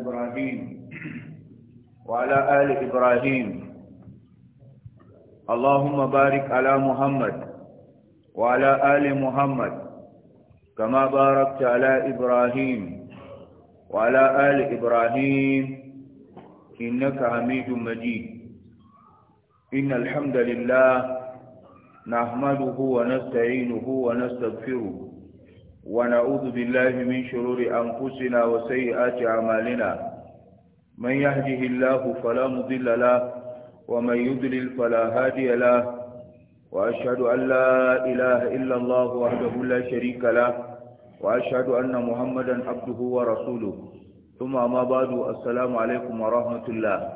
إبراهيم وعلى آل إبراهيم اللهم بارك على محمد وعلى آل محمد كما باركت على إبراهيم وعلى آل إبراهيم إنك حميد مجيد إن الحمد لله نحمده ونستعينه ونستغفره ونعوذ بالله من شرور أنفسنا وسيئات أعمالنا من يهده الله فلا مضل له ومن يضلل فلا هادي له وأشهد أن لا إله إلا الله وحده لا شريك له وأشهد أن محمدا عبده ورسوله ثم ما بعد السلام عليكم ورحمة الله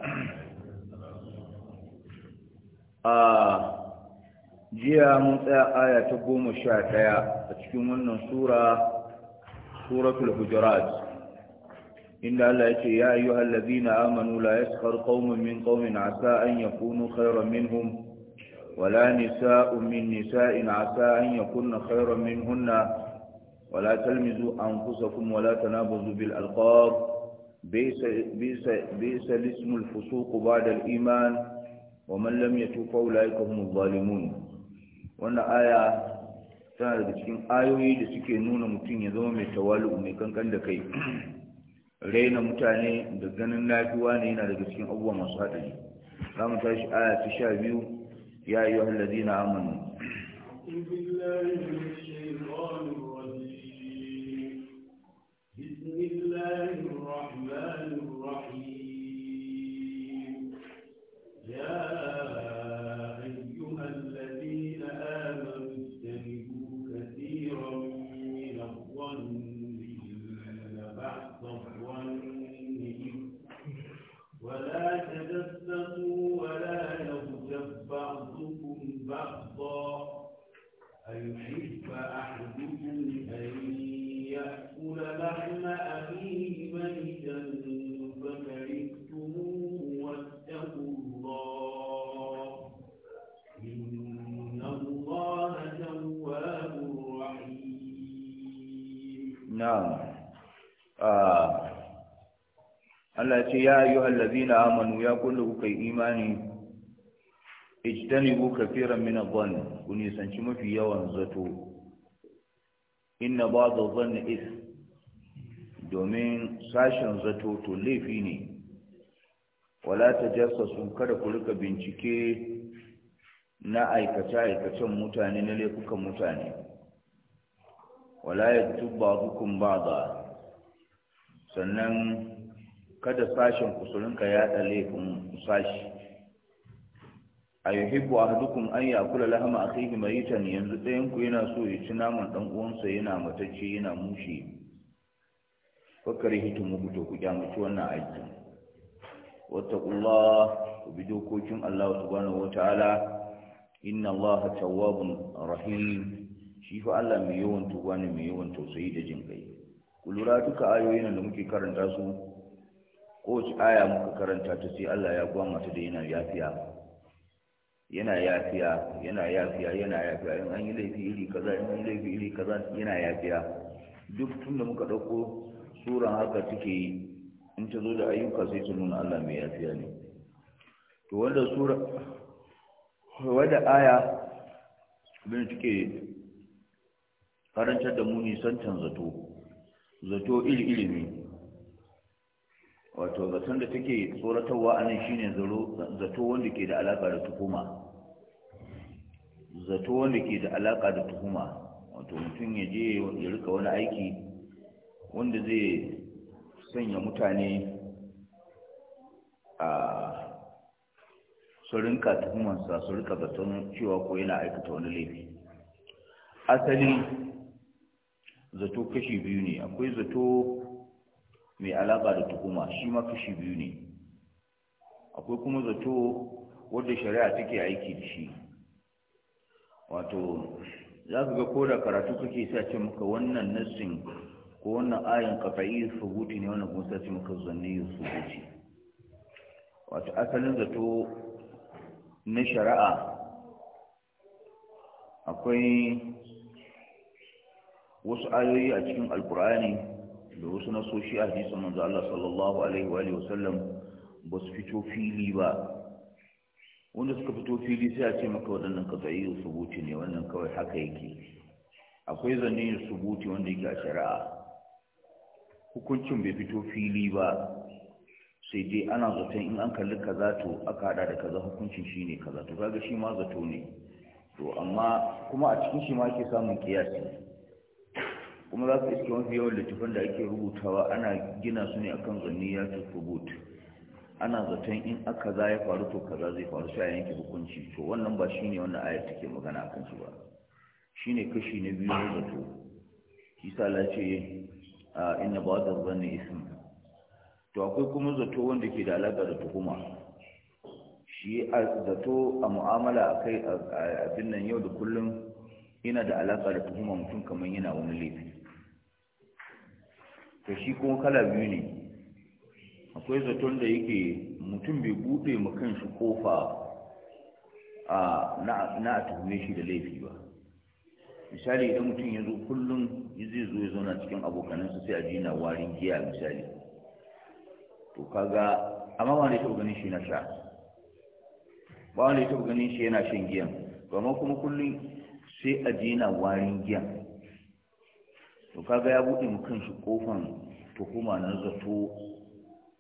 آه jiya mun tsaya aya ta goma sha ɗaya a cikin wannan sura suratul hujurat inda Allah ya ce ya ayyu allazina amanu la yaskhar qaumun min qaumin asa an yakunu khayran minhum wala nisa'un min nisa'in asa an yakunna khayran minhunna ولا تلمزوا أنفسكم ولا تنابزوا بالألقاب بئس بئس بئس الاسم الفسوق بعد الإيمان ومن لم يتوب فأولئك هم الظالمون wannan aya tana daga cikin ayoyi da suke nuna mutum ya zama mai tawali mai kankan da kai raina mutane da ganin lafiya ne yana daga cikin abubuwa masu haɗari za mu tashi aya ta sha biyu ya yi wa hallazi na amanu بسم الله ladina amanu ya kullu kuka yi imani ijtanibu kafiran min adh-dhann ku nisanci mafi yawan zato inna ba'd adh-dhann is domin sashen zato to laifi ne wala tajassasu kada ku rika bincike na aikata aikacen mutane na laifukan mutane wala ya tubba ba'da sannan kada sashen kusurinka ya ɗale kun sashi a a hadukun an akula lahama a kai mayitan yanzu ɗayan ku yana so ya ci naman ɗan uwansa yana matacce yana mushe fakari hitin mu to ku kyamaci wannan aiki wattaqullah ku bi dokokin Allah wa wataala inna Allah tawwabun rahim shi fa Allah mai yawan tuba ne mai yawan tausayi da jin kai ku lura duka ayoyin da muke karanta su kowace aya muka karanta ta sai Allah ya gwama ta da yana yafiya yana yafiya yana yafiya yana yafiya in an yi laifi iri kaza in an yi laifi iri kaza yana yafiya duk tun da muka ɗauko suran haka take yi in ta zo da ayyuka sai ta nuna Allah mai yafiya ne to wanda sura wanda aya bin take karantar da mu nisan zato zato iri iri ne wato zaton da take tsoratarwa a nan shine zato wanda ke da alaka da tuhuma zato wanda ke da alaka da tuhuma wato mutum ya je ya rika wani aiki wanda zai sanya mutane a su rinka tuhumansa su rika zaton cewa ko yana aikata wani laifi asali zato kashi biyu ne akwai zato mai alaƙa da tuhuma shi ma kashi biyu ne akwai kuma zato wadda shari'a take aiki da shi wato za ka ga koda karatu kake sa ce maka wannan nassin ko wannan ayin kafa'i subuti ne wannan kuma ce maka zanni subuti wato asalin zato na shari'a akwai wasu ayoyi a cikin alkur'ani da wasu nasoshi a hadisun manzo Allah sallallahu alaihi wa alihi wasallam ba su fito fili ba wanda suka fito fili sai a ce maka waɗannan katsayi subuti ne wannan kawai haka yake akwai zanne subuti wanda yake a shari'a hukuncin bai fito fili ba sai dai ana zaton in an kalli kaza to aka hada da kaza hukuncin shine kaza to kaga shi ma zato ne to amma kuma a cikin shi ma ake samun kiyasi kuma za ku iske mafi yawan littafin da ake rubutawa ana gina su ne akan zanni ya ce kubut ana zaton in aka za ya faru to kaza zai faru sai a yanke hukunci to wannan ba shine wannan ayar take magana akan shi ba shine kashi na biyu na zato kisa la ce inna ba'd az-zanni ism to akwai kuma zato wanda ke da alaka da tuhuma shi zato a mu'amala akai abin nan yau da kullum yana da alaka da tuhuma mutum kamar yana wani laifi to shi kuma kala biyu ne akwai zaton da yake mutum bai buɗe ma kanshi kofa a na a tuhume shi da laifi ba misali idan mutum ya zo kullum zai zo ya zauna cikin abokanansa sai a ji na warin giya misali to kaga amma ba da ya taɓa ganin shi na sha ba wanda ya taɓa ganin shi yana shan giyan to amma kuma kullum sai a ji na warin giyan to kaga ya bude mu kanshi kofan tuhuma na zato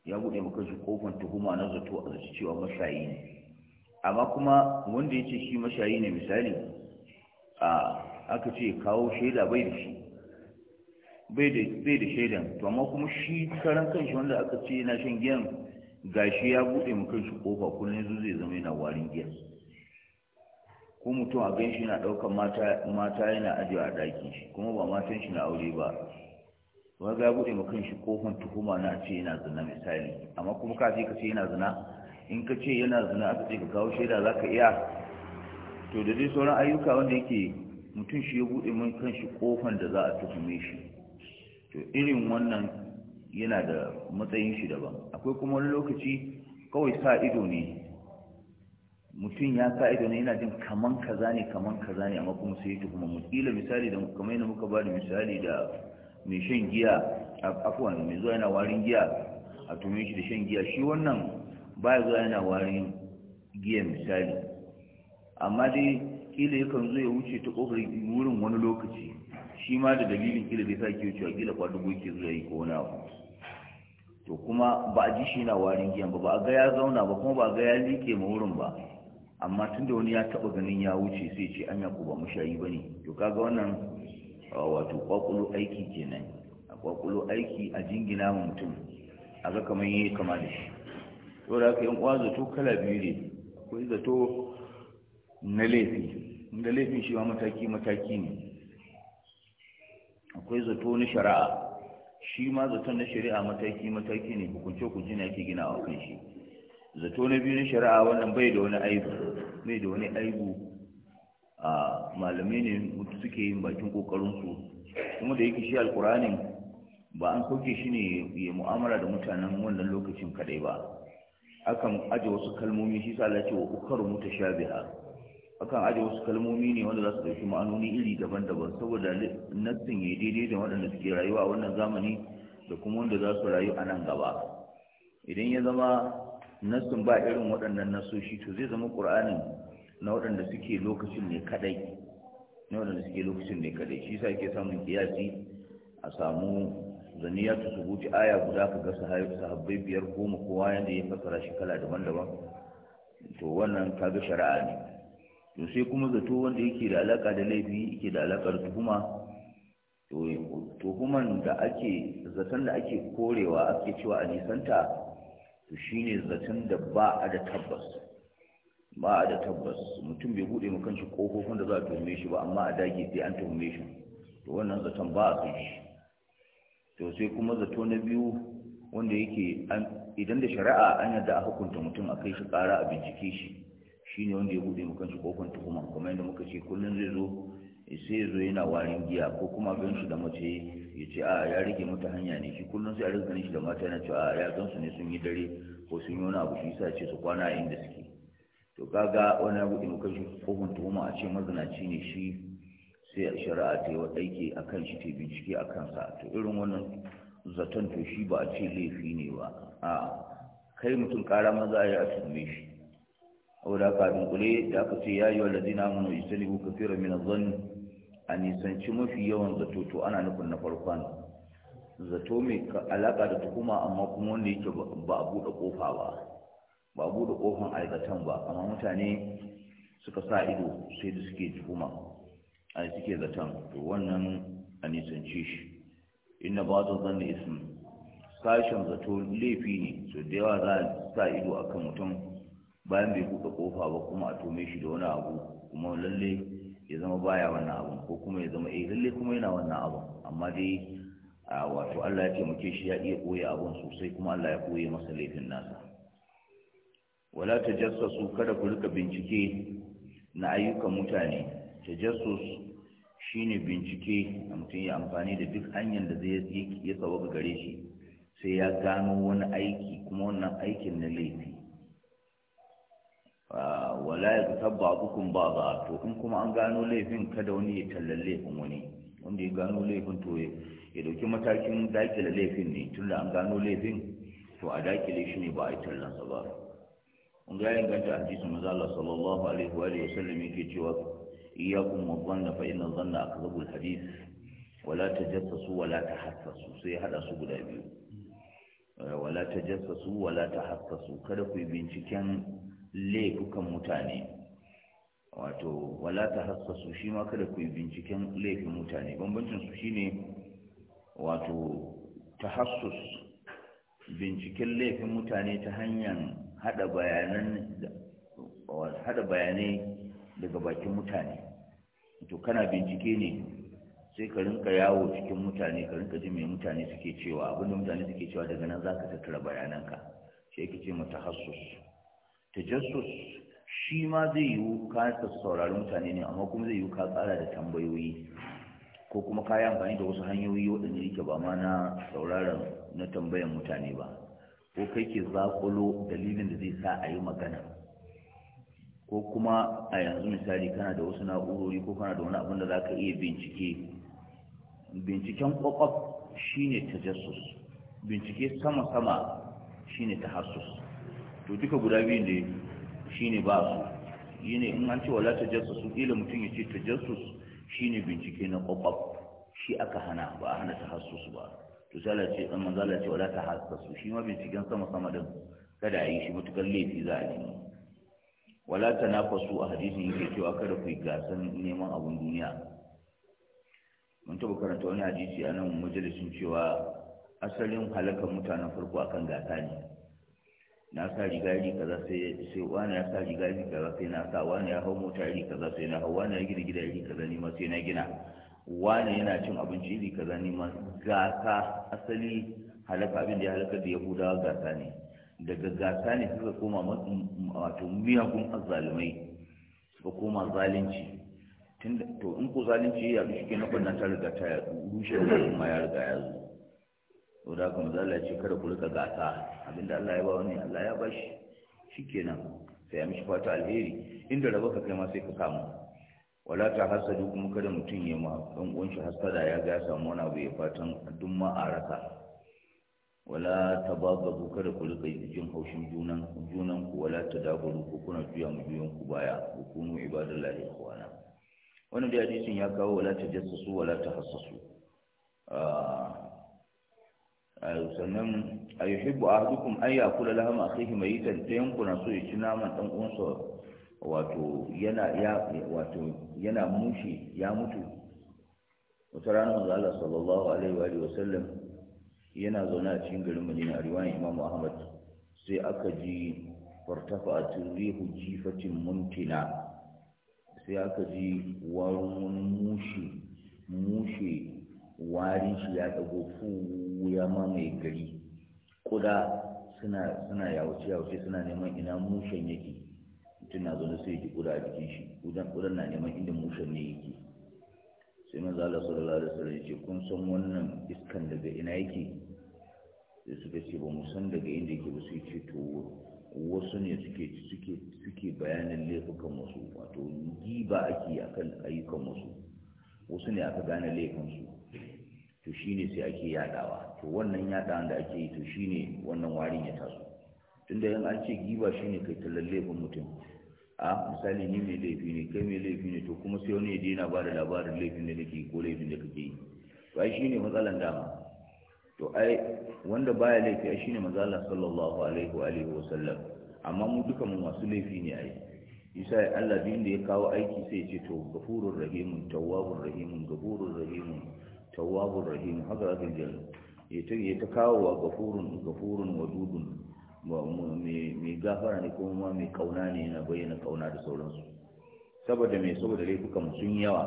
ya bude mu kanshi kofan tuhuma na zato a zaci cewa mashayi ne amma kuma wanda ya ce shi mashayi ne misali a aka ce kawo shaida bai da shi bai da shaidan to amma kuma shi karan kanshi wanda aka ce yana shan giyan gashi ya bude mu kanshi kofa kullun yanzu zai zama yana warin giyan ko mutum a gan shi na ɗaukar mata yana ajiye a ɗakin shi kuma ba matan shi na aure ba ba ga buɗe ma kan shi kofan tuhuma na ce yana zina misali amma kuma ka ce ka ce yana zina in ka ce yana zina aka ce ka kawo shaida za ka iya to da dai sauran ayyuka wanda yake mutum shi ya buɗe min kan shi kofan da za a tuhume shi to irin wannan yana da matsayin shi daban akwai kuma wani lokaci kawai sa ido ne mutum ya sa ido ne yana jin kaman kaza ne kaman kaza ne amma kuma sai ta kuma kila misali da kuma yana muka ba da misali da mai shan giya a afuwan mai zuwa yana warin giya a tumi shi da shan giya shi wannan ya zuwa yana warin giya misali amma dai kila yakan zo ya wuce ta kofar wurin wani lokaci shi ma da dalilin kila zai sake wucewa kila kwadugo ke zuwa yi ko wani abu to kuma ba a ji shi yana warin giyan ba ba a ga ya zauna ba kuma ba a ga ya liƙe ma wurin ba amma tunda wani ya taba ganin ya wuce sai ce an yaku ba mushayi bane to kaga wannan wato kwakulo aiki kenan a kwakulo aiki a jingina ma mutum a ga kamar yayi kama da shi to da aka yan uwa zato kala biyu ne akwai zato na laifi inda laifin shi ma mataki mataki ne akwai zato na shari'a shi ma zaton na shari'a mataki mataki ne hukunce ku jina yake gina a kan shi zato na biyu na shari'a wannan bai da wani aibu bai da wani aibu a malamai ne suke yin bakin kokarinsu kuma da yake shi alkur'ani ba an sauke shi ne ya mu'amala da mutanen wannan lokacin kadai ba akan aje wasu kalmomi shi sa Allah ce wa ukaru mutashabiha akan aje wasu kalmomi ne wanda za su ɗauki ma'anoni iri daban-daban saboda nassin ya daidai da waɗanda suke rayuwa a wannan zamani da kuma wanda za su rayu a nan gaba idan ya zama nassun ba irin waɗannan nasoshi to zai zama ƙur'anin na waɗanda suke lokacin ne kadai na waɗanda suke lokacin ne kaɗai shi sa ke samun kiyasi a samu zaniya ta subuti aya guda ka ga sahabbai biyar goma kowa yadda ya fassara shi kala daban-daban to wannan ga shari'a ne to sai kuma zato wanda yake da alaka da laifi yake da da tuhuma to tuhuman da ake zaton da ake korewa ake cewa a nisanta to shine zaton da ba a da tabbas ba a da tabbas mutum bai bude mu kanshi kofofin da za a tuhume shi ba amma a dage sai an tuhume shi to wannan zaton ba a shi to sai kuma zato na biyu wanda yake idan da shari'a an yadda a hukunta mutum a kai shi ƙara a bincike shi shine wanda ya bude mu kanshi kofofin tuhuma kuma yadda muka ce kullum zai zo sai zo yana warin giya ko kuma gan shi da mace ya ce a ya rage mata hanya ne shi kullum sai a rage nishi da mata yana cewa a ya gan su ne sun yi dare ko sun yi wani abu shi yasa ce su kwana a inda suke to kaga wani abu da muka shi kofin tuhuma a ce mazinaci ne shi sai shari'a ta yi wa aiki a kan shi ta bincike a kansa to irin wannan zaton to shi ba a ce laifi ne ba a kai mutum kara maza ya a tuhume shi saboda kafin dunkule da aka ce ya yi wa lazina mun yi sani ko kafira min zan a nisanci mafi yawan zato to ana nufin na farkon zato mai alaka da tuhuma amma kuma wanda yake ba a buɗe ƙofa ba ba a buɗe ƙofan aikatan ba amma mutane suka sa ido sai da suke tuhuma a suke zaton to wannan a nisanci shi inna ba zan da ism sashen zato laifi ne so da yawa za a sa ido akan mutum bayan bai buɗe ƙofa ba kuma a tome shi da wani abu kuma lallai. ya zama baya wannan abun ko kuma ya zama eh lalle kuma yana wannan abun amma dai wato Allah ya ce muke shi ya iya koya abun sosai kuma Allah ya koya masa laifin nasa wala tajassasu kada ku rika bincike na ayyukan mutane tajassus shine bincike a mutum ya amfani da duk hanyar da zai ya sauka gare shi sai ya gano wani aiki kuma wannan aikin na laifi wala ya ga tabba bukun ba ba to in kuma an gano laifin kada wani ya tallan laifin wani wanda ya gano laifin to ya dauki matakin dakile laifin ne tun da an gano laifin to a dakile shi ne ba a yi tallansa ba in ga yin ganta hadisi maza Allah sallallahu alaihi wa sallam yake cewa iyyakum wa dhanna fa inna dhanna akdhabu alhadith wala tajassasu wala tahassasu sai hada su guda biyu eh, wala tajassasu wala tahassasu kada ku yi binciken laifukan mutane wato wala ta hassasu shi ma kada ku yi binciken laifin mutane bambancin su shine wato ta tahassus binciken laifin mutane ta hanyar hada bayanai daga bakin mutane to kana bincike ne sai ka rinka yawo cikin mutane ka rinka ji mai mutane suke cewa abinda mutane suke cewa daga nan za ka tattara bayananka sai yake ce mata hassus tajassus shi ma zai yiwu ka sauraron mutane ne amma kuma zai yiwu ka tsara da tambayoyi ko kuma ka yi amfani da wasu hanyoyi waɗanda yake ba ma na sauraron na tambayan mutane ba ko kai ke zaƙulo dalilin da zai sa a yi magana ko kuma a yanzu misali kana da wasu na'urori ko kana da wani abin da za ka iya bincike binciken ƙwaƙwaf ne tajassus bincike sama-sama shi shine tahassus to duka guda biyun da ne ba su yi ne in an ce wala jasa su kila mutum ya ce ta shi shine bincike na kwakwaf shi aka hana ba a hana ta su ba to sai Allah ce dan manzo Allah ce wala tahassus shi ma binciken sama sama din kada a yi shi matukar laifi za a yi wala su a hadisin yake cewa kada ku yi gasan neman abin duniya mun taɓa karanta wani hadisi a nan majalisin cewa asalin halakar mutanen farko akan gasa ne na sa riga iri kaza sai sai wani ya sa riga iri kaza sai na sa wani ya hau mota iri kaza sai na hau wani ya gina gida iri kaza ni ma sai na gina wani yana cin abinci iri kaza ni ma gasa asali halaka abin da ya halaka da yahudawa gasa ne daga gasa ne suka koma mm, mm, wato miyagun azzalumai suka koma zalunci to in ko zalunci ya bi shi ke na ta riga ta yaɗu rushe ma ya riga ya zo sau da kuma zala ce kada ku rika gasa abinda Allah ya ba wani Allah ya ba shi shi kenan sai ya mishi fata alheri inda raba ka kai ma sai ka kama. wala ta hasadu kuma kada mutum ya ma ɗan ƙunshi hasada ya ga samu wani abu ya fatan duk ma a raka wala ta ba ga ku kada ku rika jin haushin junan junan ku wala ta dagulu ku kuna juya mu juyan ku baya ku kunu ibadallahi ikhwana wannan da hadisin ya kawo wala ta jassasu wala ta hasasu ah, sannan a yi hibbu a dukkan an ya da lahama a kai mai yitan ta yankuna so ya ci naman ɗan uwansa wato yana ya mushi ya mutu wata rana da Allah sallallahu alaihi wa sallam yana zaune a cikin garin Madina a riwayan Imam Ahmad sai aka ji fartafa rihu jifacin muntina sai aka ji warin mushi mushi warin shi ya dago fu ya mamaye gari kuda suna suna yawuce yawuce suna neman ina mushen yake mutum na zaune sai ji kuda a jikin shi kudan kudan na neman inda mushen ne yake sai man Allah sallallahu alaihi wasallam ce kun san wannan iskan daga ina yake sai suka ce ba mu san daga inda yake ba su ce to wasu ne suke suke suke bayanin laifukan wasu wato giba ake akan ayyukan wasu wasu ne aka gane laifin su. to shine sai ake yadawa to wannan yadawan da ake yi to shine wannan warin ya taso tunda yan an ce giba shine kai tallallefin mutum a misali ni mai laifi ne kai mai laifi ne to kuma sai wani ya daina ba da labarin laifin da nake ko laifin da kake yi to ai shine matsalan dama to ai wanda baya laifi ai shine manzo sallallahu alaihi wa alihi wa amma mu duka mu masu laifi ne ai isa Allah din da ya kawo aiki sai ya ce to gafurur rahimun tawwabur rahimun gafurur rahimun tawwabur rahim haka zaka ji ita ta kawo wa gafurun gafurun wadudun mai gafara ne kuma mai kauna ne yana bayyana kauna da sauransu saboda mai saboda laifukan sun yawa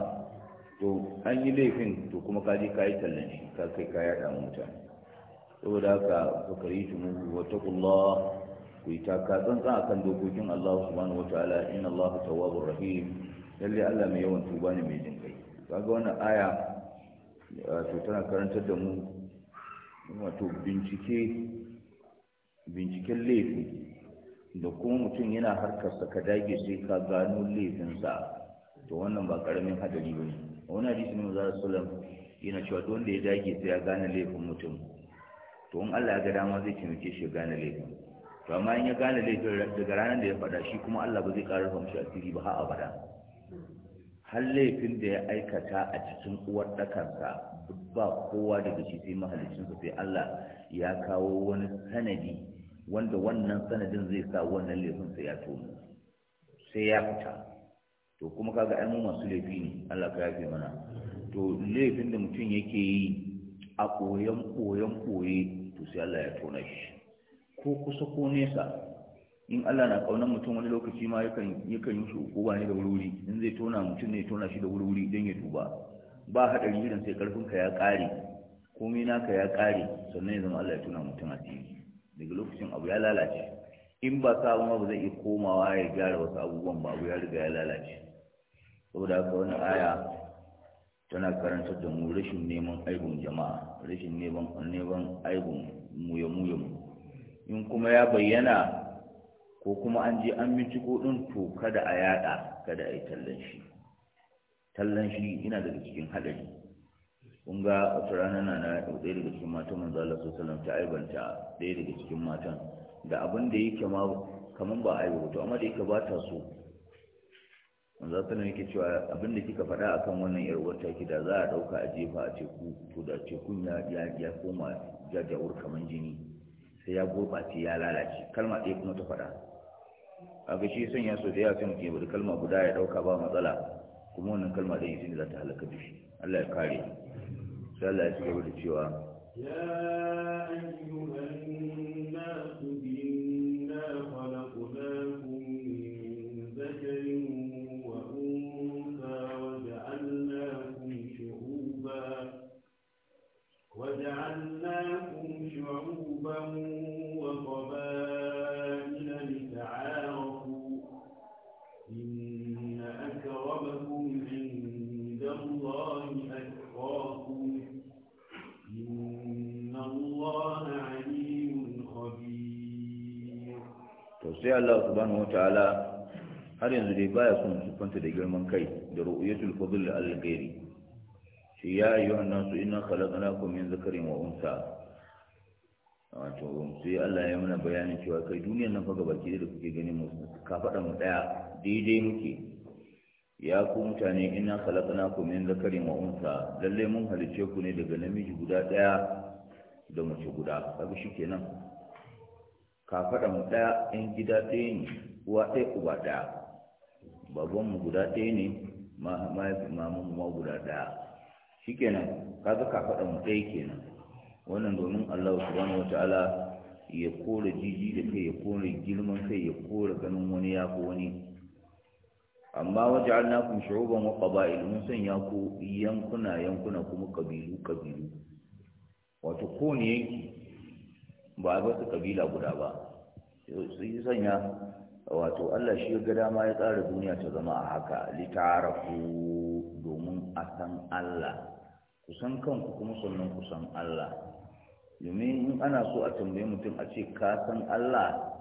to an yi laifin to kuma ka je ka yi tallan ka kai ka yada mutane saboda haka fakari tumu wa taqullah ku ta taka tsantsan akan dokokin Allah subhanahu wataala inna Allah tawwabur rahim lalle Allah mai yawan tuba ne mai jin kai kaga wannan aya wato tana karantar da mu wato bincike binciken laifi da kuma mutum yana harkarsa ka dage sai ka gano laifinsa to wannan ba karamin hadari ba ne a wani hadisi ne maza sallam yana cewa duk wanda ya dage sai ya gane laifin mutum to in Allah ya ga dama zai taimake shi gane laifin to amma in ya gane laifin daga ranar da ya faɗa shi kuma Allah ba zai ƙara famshi asiri ba har abada har laifin da ya aikata a cikin uwar ɗakansa ba kowa daga shi sai su sai Allah ya kawo wani sanadi wanda wannan sanadin zai sa wannan laifinsa ya tono sai ya fita to kuma kaga ai mu masu laifi ne Allah ka yafe mana to laifin da mutum yake yi a koyon koyon koye to sai Allah ya tona shi ko kusa ko nesa in Allah na kaunar mutum wani lokaci ma yakan yakan yi shi ukuba ne da wuri in zai tona mutum ne tona shi da wuri don ya duba ba haɗari irin sai karfin ka ya ƙare komai naka ya ƙare sannan ya zama Allah ya tona mutum asiri daga lokacin abu ya lalace in ba sa ma ba zai iya komawa ya gyara wasu abubuwan ba abu ya riga ya lalace saboda haka wani aya tana karantar da mu rashin neman aibun jama'a rashin neman neman aibun muyamuyamu in kuma ya bayyana ko kuma an je an binciko kudin to kada a yada kada a yi tallan shi tallan shi ina daga cikin hadari. kun ga a rana na na ɗaya daga cikin matan manzo Allah sallallahu ta aibanta ɗaya daga cikin matan da abin da yake ma kaman ba aibu to amma da yake ba ta so manzo sallallahu yake cewa abin da kika faɗa akan wannan yar wata ki da za a ɗauka a jefa a teku to da tekun ya ya koma jajawur kaman jini sai ya gurɓace ya lalace kalma ɗaya kuma ta faɗa kaga shi sun yaso da yawa sai bari kalma guda ya dauka ba matsala kuma wannan kalma da yi za ta halaka da shi Allah ya kare sai Allah ya ci gaba da cewa ya ayyuhan baya son sufanta da girman kai da ru'yatul fadl al ghairi shi ya ayyuhan nasu inna khalaqnakum min dhakarin wa unsa wato sai Allah ya mana bayani cewa kai duniyar nan fa baki da kuke gani mu ka faɗa mu daya daidai muke ya ku mutane inna khalaqnakum min dhakarin wa unsa lalle mun halice ku ne daga namiji guda daya da mace guda kaga shikenan ka faɗa mu daya in gida ɗaya ne uwa ɗaya uba ɗaya mu guda ɗaya ne mamanmu ma guda ɗaya shi kenan faɗa mu ɗaya kenan wannan domin allah subhanahu wa ta'ala ya kore jiji da kai ya kore girman kai ya kore ganin wani ya ko wani amma waje annakun shu'uban wa qaba'il mun sanya ku yankuna yankuna kuma kabilu kabilu wato ko yanki ba a su kabila guda ba sai sanya wato Allah shi ga dama ya tsara duniya ta zama a haka litarafu domin a san Allah ku san kanku kuma sannan ku san Allah domin in ana so a tambaye mutum a ce ka san Allah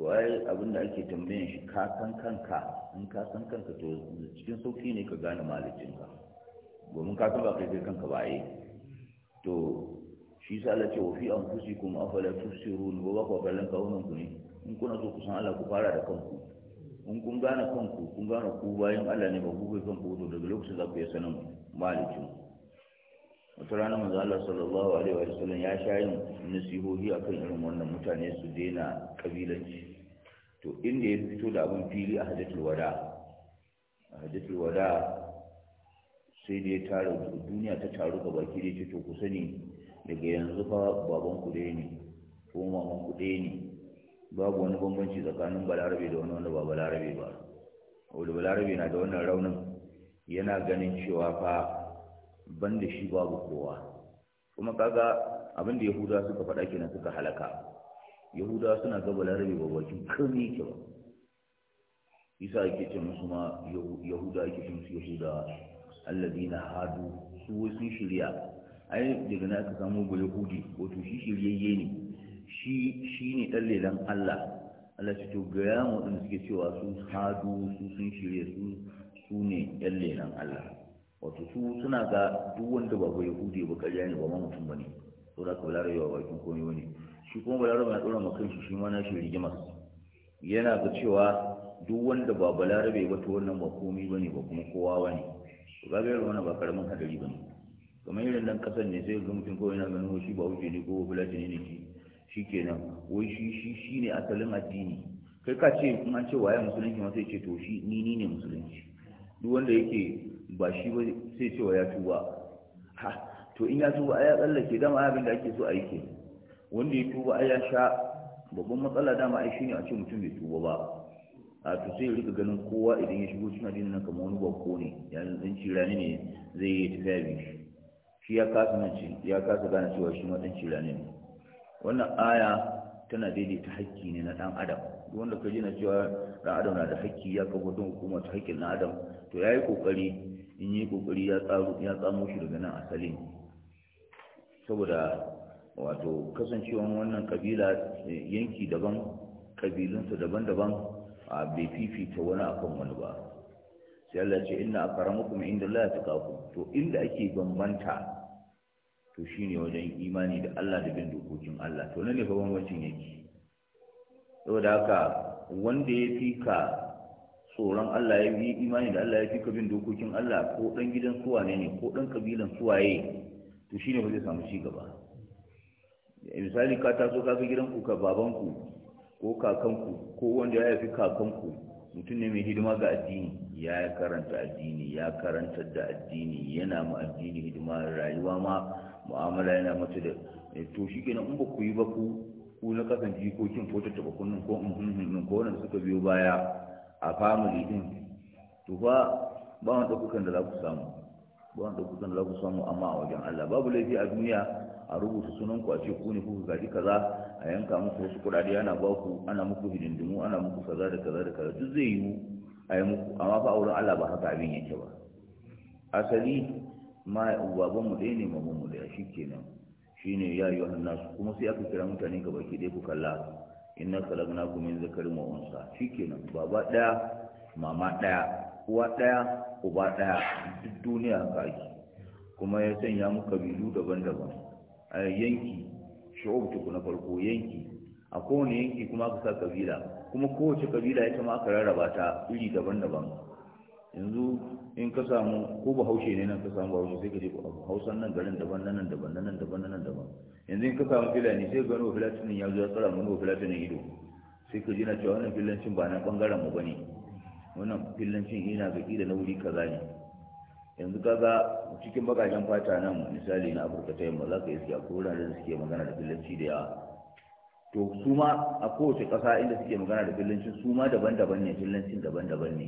wai abin da ake tambayin shi ka san kanka in ka san kanka to cikin sauki ne ka gane malikinka domin ka san ba kai kanka ba yi eh. to shi sa Allah ce wa fi anfusikum afala tusirun wa ba ku kallon kawunan ku ne in kuna so kusan Allah ku fara da kanku in kun gane kanku kun gane ku bayan Allah ne ba ku bai kanku to daga lokacin za ku sanin malikin wata ranar manzo Allah sallallahu alaihi wa sallam ya sha yin nasihohi akan irin wannan mutane su daina kabilanci to inda ya fito da abin fili a hajjatul wada a hajjatul wada sai da ya tara duniya ta taru ga baki da ce to ku sani daga yanzu fa baban ku ne ko maman ku ne babu wani bambanci tsakanin balarabe da wani wanda ba balarabe ba Wani balarabe na da wannan raunin yana ganin cewa fa ban da shi babu kowa kuma kaga abin da yahuda suka faɗa kenan suka halaka yahuda suna ga balarabe ba bakin kirni ke ba isa ake ce musu ma yahuda ake ce musu yahuda na hadu su wasu shirya ai daga na aka samu ba yahudi wato shi shiryayye ne shi shi ne ɗan lelan Allah Allah ce to gaya mu suke cewa su hadu su sun shirya su su ne ɗan lelan Allah wato su suna ga duk wanda ba bai hude ba ƙarya ne ba ma mutum ba ne to da ka rayuwa ba kin komai ba ne shi kuma rayuwa na ɗora ma kanshi shi ma na shi rigimar yana ga cewa duk wanda ba balarabe ba to wannan ba komai ba ne ba kuma kowa ba ne to ga gairar wannan ba karamin hadari ba ne kamar irin nan kasan ne sai ga mutum kawai na ganin shi ba wuce ne ko bulaji ne ne shi nan, wai shi shi ne asalin addini kai ka ce kuma an ce waye musulunci ma sai ce to shi ni ni ne musulunci duk wanda yake ba shi ba sai ce wa ya tuba ha to in ya tuba ai ya tsallake dama abin da ake so a yi wanda ya tuba ai ya sha babban matsala dama ai shine a ce mutum bai tuba ba a to sai rika ganin kowa idan ya shigo cikin addinin nan kamar wani bako ne ya zanci rani ne zai yi tafiya bi shi ya kasa nan ya kasa gane cewa shi ma dan cirani ne wannan aya tana daidaita haƙƙi ne na ɗan adam wanda ka ji na cewa ɗan adam na da haƙƙi ya kafa don hukuma ta hakkin ɗan adam to ya yi ƙoƙari in yi ƙoƙari ya tsamo shi daga nan asali saboda wato kasancewan wannan ƙabila eh, yanki daban ƙabilunsa daban-daban a bai fifita wani akan wani ba sai Allah ce inna akramakum inda Allah ya to inda ake bambanta to ne wajen imani da Allah da bin dokokin Allah to nan ne fa bambancin yake saboda haka wanda ya fi ka tsoron Allah ya yi imani da Allah ya fi ka bin dokokin Allah ko dan gidan suwa ne ne, ko dan kabilan suwaye to ne ba zai samu ci gaba misali ka taso ka ga gidan ku ka babanku ko kakanku ko wanda ya fi kakanku mutum ne mai hidima ga addini ya karanta addini ya karanta da addini yana ma addini hidima rayuwa ma mu'amala yana mata da eh, to shi kenan in ba ku yi ba ku ku na kasan jikokin ko tattaba kunnin ko in ko wanda suka biyo baya a family din to fa ba wanda kukan da za ku samu ba wanda da za ku samu amma a wajen Allah babu laifi a duniya a rubuta sunan ku a ce ku ne kuka gaji kaza a yanka muku wasu kudade ana ba ku ana muku hidindimu ana muku kaza da kaza da kaza duk zai yiwu a yi muku amma fa auren Allah ba haka abin yake ba asali ma baban mu ɗaya ne maman mu ɗaya shikenan shine ya yi wannan nasu kuma sai aka kira mutane ga baki ɗaya ku kalla inna khalaqnakum min zakarin wa unsa shikenan baba ɗaya mama ɗaya uwa ɗaya uba ɗaya duk duniya ka kuma ya sanya mu kabilu daban-daban yanki shu'ub tuku na farko yanki a kowane yanki kuma aka sa kabila kuma kowace kabila ita ma aka rarraba ta iri daban-daban yanzu in ka samu ko bahaushe ne nan ka samu haushe sai ka je hausan nan garin daban nan daban nan daban nan daban yanzu in ka samu filani sai ga wani filatinin ya zo ya tsara mana filatinin ido sai ka ji na cewa wannan filancin ba na bangaren mu bane wannan filancin ina ga da na wuri kaza ne yanzu kaga cikin bakashen fata nan misali na afirka ta yamma za ka iske a kowane da suke magana da fillanci da yawa to su ma a kowace ƙasa inda suke magana da fillancin su ma daban-daban ne filancin daban-daban ne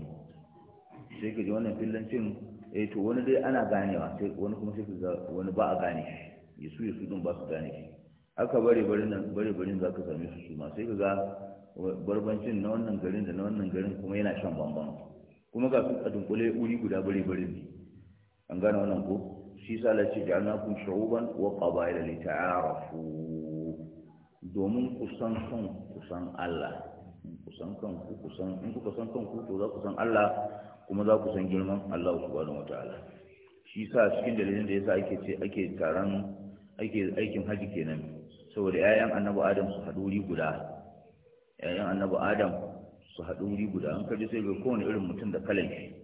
sai ka ji wannan fillancin eh to wani dai ana ganewa sai wani kuma sai ka wani ba a gane shi yasu yasu din ba su gane shi aka bare barin nan bare barin za ka same su su ma sai ka ga barbancin na wannan garin da na wannan garin kuma yana shan bambam kuma ga su a dunkule wuri guda bare barin ne an gane wannan ko shi sa Allah ce ja'alnakum shu'uban wa qaba'ila ta'arafu domin ku san kan ku san Allah ku san kan ku san in kuka san ku to za ku san Allah kuma za ku san girman Allah subhanahu wataala shi sa cikin dalilin da yasa ake ce ake taron ake aikin haji kenan saboda 'ya'yan annabi Adam su haɗu wuri guda 'ya'yan annabi Adam su haɗu wuri guda an kaji sai ga kowane irin mutum da kalan shi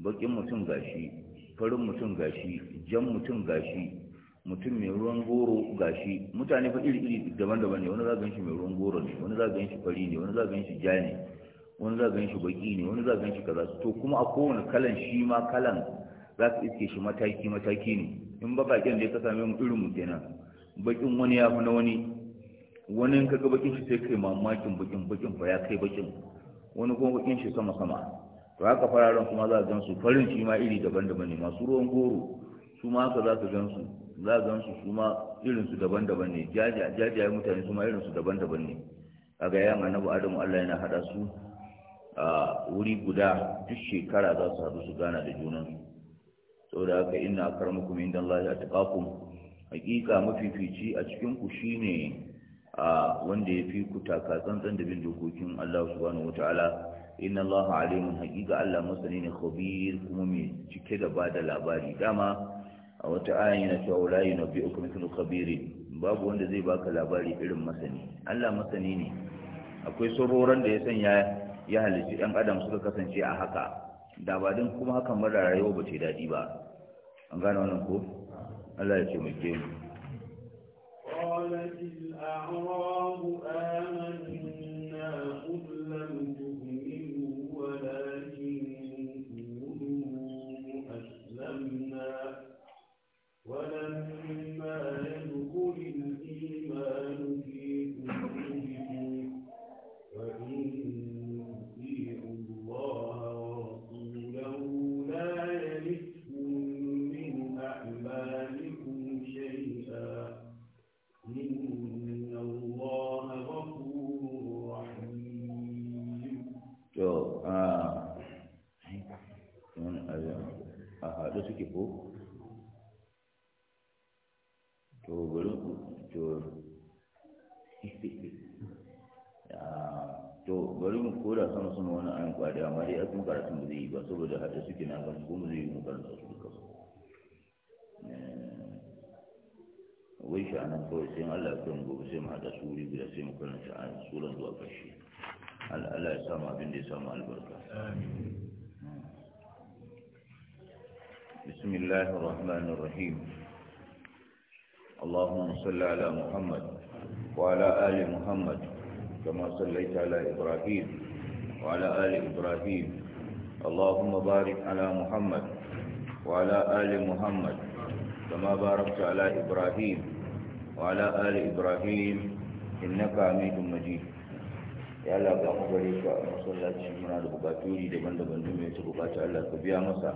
bakin mutum gashi farin mutum gashi jan mutum gashi mutum mai ruwan goro gashi mutane fa iri iri daban-daban ne wani za ganshi mai ruwan goro ne wani za ganshi fari ne wani za ganshi ja ne wani za ganshi baki ne wani za ganshi kaza to kuma a kowane kalan shi ma kalan za ka iske shi mataki mataki ne in ba bakin da ya same mu irin mu kenan bakin wani ya fi na wani wani in kaga bakin shi sai kai mamakin bakin bakin fa ya kai bakin wani kuma bakin shi sama sama to haka fararen kuma za a gan su farin shi ma iri daban-daban ne masu ruwan goro su ma haka za ka gan su za a gan su ma irin daban-daban ne jajaye mutane su ma irin su daban-daban ne kaga yan annabu adamu Allah yana hada su a wuri guda duk shekara za su haɗu su gana da sau saboda haka inna akramakum inda Allah ya taqakum hakika mafifici a cikin ku shine a wanda ya fi ku taka tsantsan da bin dokokin Allah subhanahu wa ta'ala. inna Allah alimun haƙiƙa Allah masani ne khabir kuma mai cike da ba da labari dama a wata ayan yana cewa la yunabbi'ukum mithlu khabir babu wanda zai baka labari irin masani Allah masani ne akwai sororan da ya sanya ya halici ɗan adam suka kasance a haka da ba din kuma hakan mara da rayuwa ba ce daɗi ba an gane wannan ko Allah ya ce mu ke mu ba dai kuma karatun ba zai yi ba saboda hada suke na kan kuma zai yi mu karanta su duka ba wai shi anan kawai sai Allah ya kuma gobe sai mu hada su wuri guda sai mu karanta a suran zuwa ƙarshe Allah ya samu abin da ya samu albarka بسم الله الرحمن الرحيم اللهم صل على محمد وعلى آل محمد كما صليت على إبراهيم وعلى آل إبراهيم اللهم بارك على محمد وعلى آل محمد كما باركت على إبراهيم وعلى آل إبراهيم إنك حميد مجيد ya Allah ga gare ka masallaci muna da bukaturi daban-daban duk su bukata Allah ka biya masa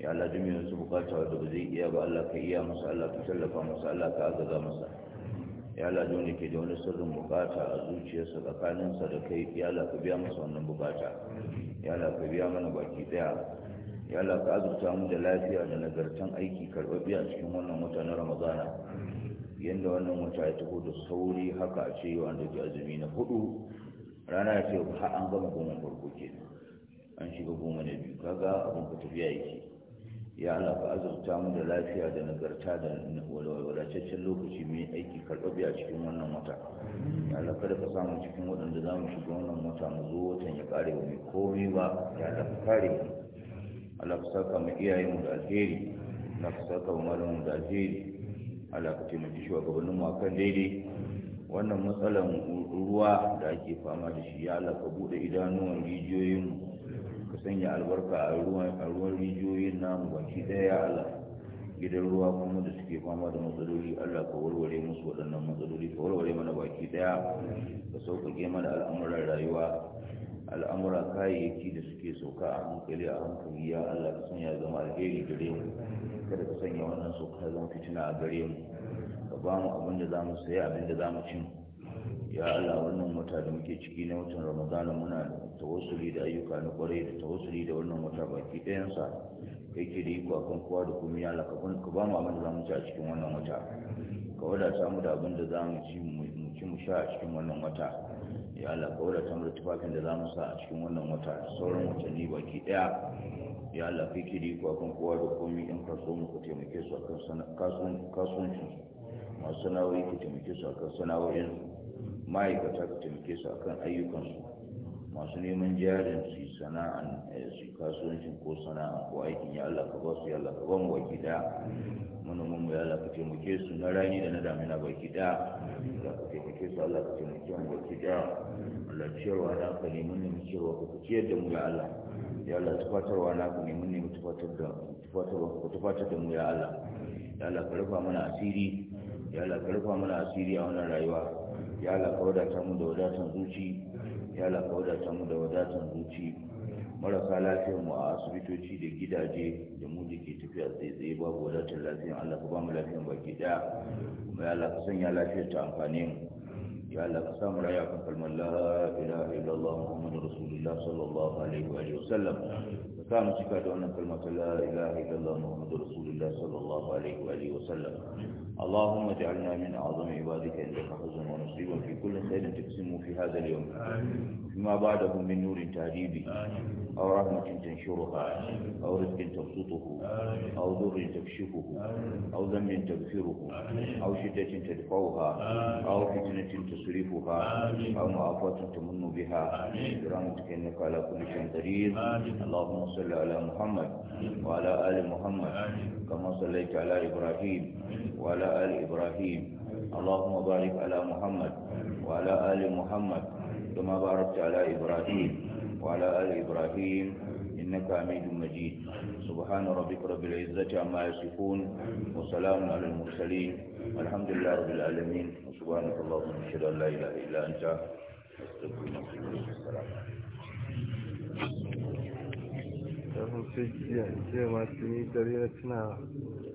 ya Allah su bukata wanda ba zai iya ba Allah ka iya masa Allah ka tallafa masa Allah ka agaza masa ya Allah ke da wani sirrin bukata a zuciyarsa tsakaninsa da kai ya ka biya masa wannan bukata ya ka biya mana baki daya ya ka azurta mu da lafiya da nagartan aiki karbabbiya a cikin wannan wata na Ramadana yadda wannan wata ya taho da sauri haka a ce wanda ke azumi na hudu rana ya ce ha an gama goma farko ke an shiga goma na biyu kaga abin ka tafiya yake ya Allah ka azurta mu da lafiya da nagarta da wadataccen lokaci mai aiki karɓaɓe a cikin wannan wata ya Allah kada ka samu cikin waɗanda za mu shiga wannan wata mu zo watan ya ƙare mai komai ba ya Allah ka kare mu Allah ka saka mu iyaye mu da alheri Allah ka saka mu malamu da alheri Allah ka taimaki gabanin mu akan daidai wannan matsalan ruwa da ake fama da shi ya Allah ka buɗe idanuwan rijiyoyinmu sanya albarka a ruwan rijiyoyin namu baki ɗaya Allah gidan ruwa kuma da suke fama da matsaloli Allah ka warware musu waɗannan matsaloli ka warware mana baki ɗaya ka sauƙaƙe mana al'amuran rayuwa al'amura kayayyaki da suke sauka a hankali a hankali ya Allah ka sanya zama alheri gare mu kada ka sanya wannan sauka zama fitina a gare mu ka ba mu abin da za mu saya abin da za mu ci mu ya Allah wannan wata da muke ciki na watan ramadan muna da tawassuli da ayyuka na kware da tawassuli da wannan wata baki ɗayan sa? ke da iko akan kowa da kuma ya laka ka ba mu abin da zamu ci a cikin wannan wata ka ta mu da abin da zamu ci mu ci mu sha a cikin wannan wata ya Allah ka ta mu da tufafin da zamu sa a cikin wannan wata sauran watanni baki ɗaya ya Allah kai da iko akan kowa da komai in ka so mu ku taimake su akan kasuwancin masu sana'o'i ku taimake su akan sana'o'in ma'aikata ka taimake su akan ayyukansu masu neman jarin su sana'an eh, su kasuwancin ko sana'a ko aikin ya Allah ka ba su ya Allah ka ba mu baki da manoman mu ya Allah ka taimake su na rani da na damina baki da ya ka taimake su Allah ka taimake mu baki da Allah cewa na ka neman ne mu cewa ka ciyar da mu ya Allah ya Allah tufatarwa na ka neman ne mu tufatar da tufatarwa ka tufatar da mu ya Allah ya Allah ka rufa mana asiri ya Allah ka rufa mana asiri a wannan rayuwa ya laka wadata mu da wadatan zuci ya Allah wadata mu da wadatan zuci marasa lafiyar mu a asibitoci da gidaje da mu da ke tafiya tsaye babu wadatar lafiyar Allah ka ba mu lafiyar baki daya kuma ya Allah sanya lafiyar ta amfane mu يا الله قسام لا يعقف المن لا إله إلا الله محمد رسول الله صلى الله عليه وآله وسلم قسام شكاد أن كلمة لا إله إلا الله محمد رسول الله صلى الله عليه وآله وسلم اللهم اجعلنا من أعظم عبادك عندك حزن ونصيبا في كل خير تقسمه في هذا اليوم فيما بعده من نور تهديبي أو رحمة تنشرها أو رزق تبسطه أو ذر تكشفه أو ذنب تغفره أو شدة تدفعها أو فتنة تسرعها تسرفها أو معافاة تمن بها برحمتك إنك على كل شيء قدير اللهم صل على محمد وعلى آل محمد كما صليت على إبراهيم وعلى آل إبراهيم اللهم بارك على محمد وعلى آل محمد كما باركت على إبراهيم وعلى آل إبراهيم إنك عميد مجيد سبحان ربك رب العزة عما يصفون وسلام على المرسلين والحمد لله رب العالمين وسبحانك اللهم أشهد أن لا إله إلا أنت أستغفرك السلام عليكم